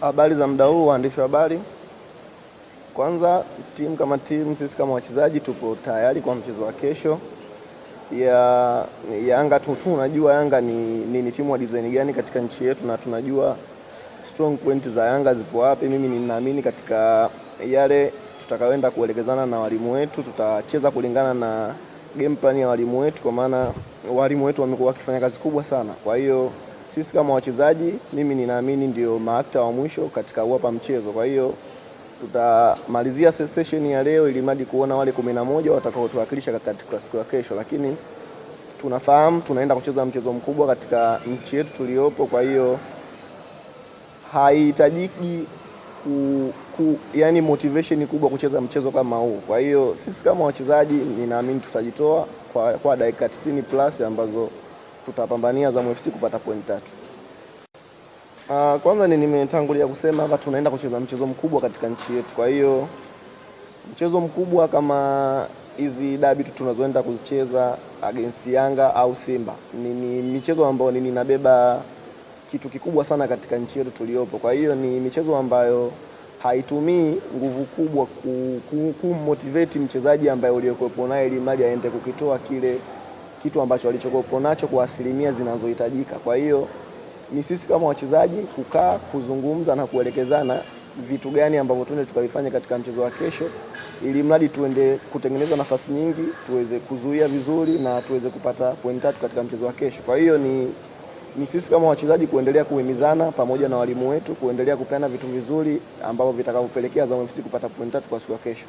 Habari za muda huu waandishi wa habari. Kwanza timu kama timu, sisi kama wachezaji tupo tayari kwa mchezo wa kesho ya Yanga tu. Tunajua Yanga ni, ni, ni timu wa design gani katika nchi yetu na tunajua strong point za Yanga zipo wapi. Mimi ninaamini katika yale tutakaoenda kuelekezana na walimu wetu, tutacheza kulingana na game plan ya walimu wetu, kwa maana walimu wetu wamekuwa wakifanya kazi kubwa sana, kwa hiyo sisi kama wachezaji, mimi ninaamini ndio maakta wa mwisho katika uwapa mchezo. Kwa hiyo tutamalizia session ya leo ili madi kuona wale kumi na moja watakaotuwakilisha katika siku ya kesho, lakini tunafahamu tunaenda kucheza mchezo mkubwa katika nchi yetu tuliyopo. Kwa hiyo haihitajiki ku, ku, yani motivation kubwa kucheza mchezo kama huu. Kwa hiyo sisi kama wachezaji, ninaamini tutajitoa kwa, kwa dakika 90 plus ambazo tutapambania Azam FC kupata pointi tatu. Uh, kwanza ni nimetangulia kusema hapa tunaenda kucheza mchezo mkubwa katika nchi yetu, kwa hiyo mchezo mkubwa kama hizi dabi tu tunazoenda kuzicheza against Yanga au Simba ni, ni michezo ambayo ni ninabeba kitu kikubwa sana katika nchi yetu tuliyopo. Kwa hiyo ni michezo ambayo haitumii nguvu kubwa kumotivate ku, ku mchezaji ambaye uliokuwepo naye ili mradi aende kukitoa kile kitu ambacho walichokuwa nacho kwa asilimia zinazohitajika. Kwa hiyo ni sisi kama wachezaji kukaa, kuzungumza na kuelekezana vitu gani ambavyo tuende tukavifanya katika mchezo wa kesho, ili mradi tuende kutengeneza nafasi nyingi, tuweze kuzuia vizuri na tuweze kupata pointi tatu katika mchezo wa kesho. Kwa hiyo ni ni sisi kama wachezaji kuendelea kuhimizana pamoja na walimu wetu kuendelea kupeana vitu vizuri ambavyo vitakavyopelekea Azam FC kupata pointi tatu kwa siku ya kesho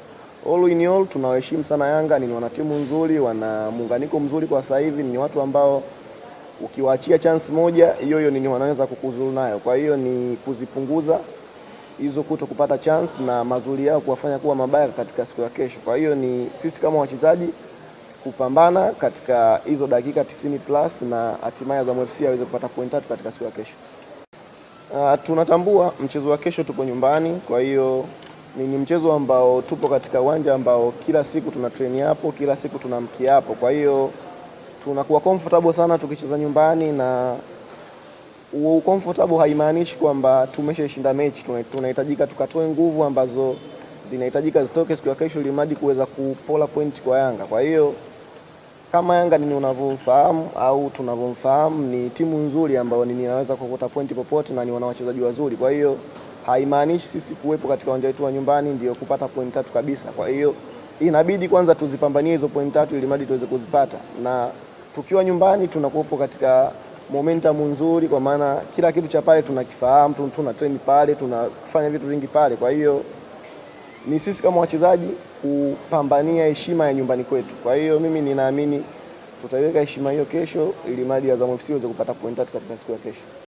all in all tunawaheshimu sana Yanga, ni wana timu nzuri, wana muunganiko mzuri kwa sasa hivi, ni watu ambao ukiwaachia chance moja hiyo hiyo nini wanaweza kukuzuru nayo. Kwa hiyo ni kuzipunguza hizo kuto kupata chance na mazuri yao kuwafanya kuwa mabaya katika siku ya kesho. Kwa hiyo ni sisi kama wachezaji kupambana katika hizo dakika 90 plus na hatimaye Azam FC aweze kupata point tatu katika siku ya kesho. Uh, tunatambua mchezo wa kesho tupo nyumbani, kwa hiyo ni, ni mchezo ambao tupo katika uwanja ambao kila siku tuna treni hapo, kila siku mkia hapo, kwa hiyo tunakuwa comfortable sana tukicheza nyumbani, na comfortable haimaanishi kwamba tumeshashinda mechi. Tunahitajika tukatoe nguvu ambazo zinahitajika zitoke siku ya kesho, ili mradi kuweza kupola point kwa Yanga. Kwa hiyo kama Yanga nini unavyomfahamu au tunavyomfahamu, ni timu nzuri ambayo ninaweza kukuta pointi popote na ni wana wachezaji wazuri, kwa hiyo haimaanishi sisi kuwepo katika uwanja wetu wa nyumbani ndio kupata point tatu kabisa. Kwa hiyo inabidi kwanza tuzipambanie hizo point tatu ili mradi tuweze kuzipata, na tukiwa nyumbani tunakuwepo katika momentum nzuri, kwa maana kila kitu cha pale tunakifahamu, tuna train pale, tunafanya vitu vingi pale. Kwa hiyo ni sisi kama wachezaji kupambania heshima ya nyumbani kwetu. Kwa hiyo mimi ninaamini tutaiweka heshima hiyo kesho, ili mradi Azam FC iweze kupata point tatu katika siku ya kesho.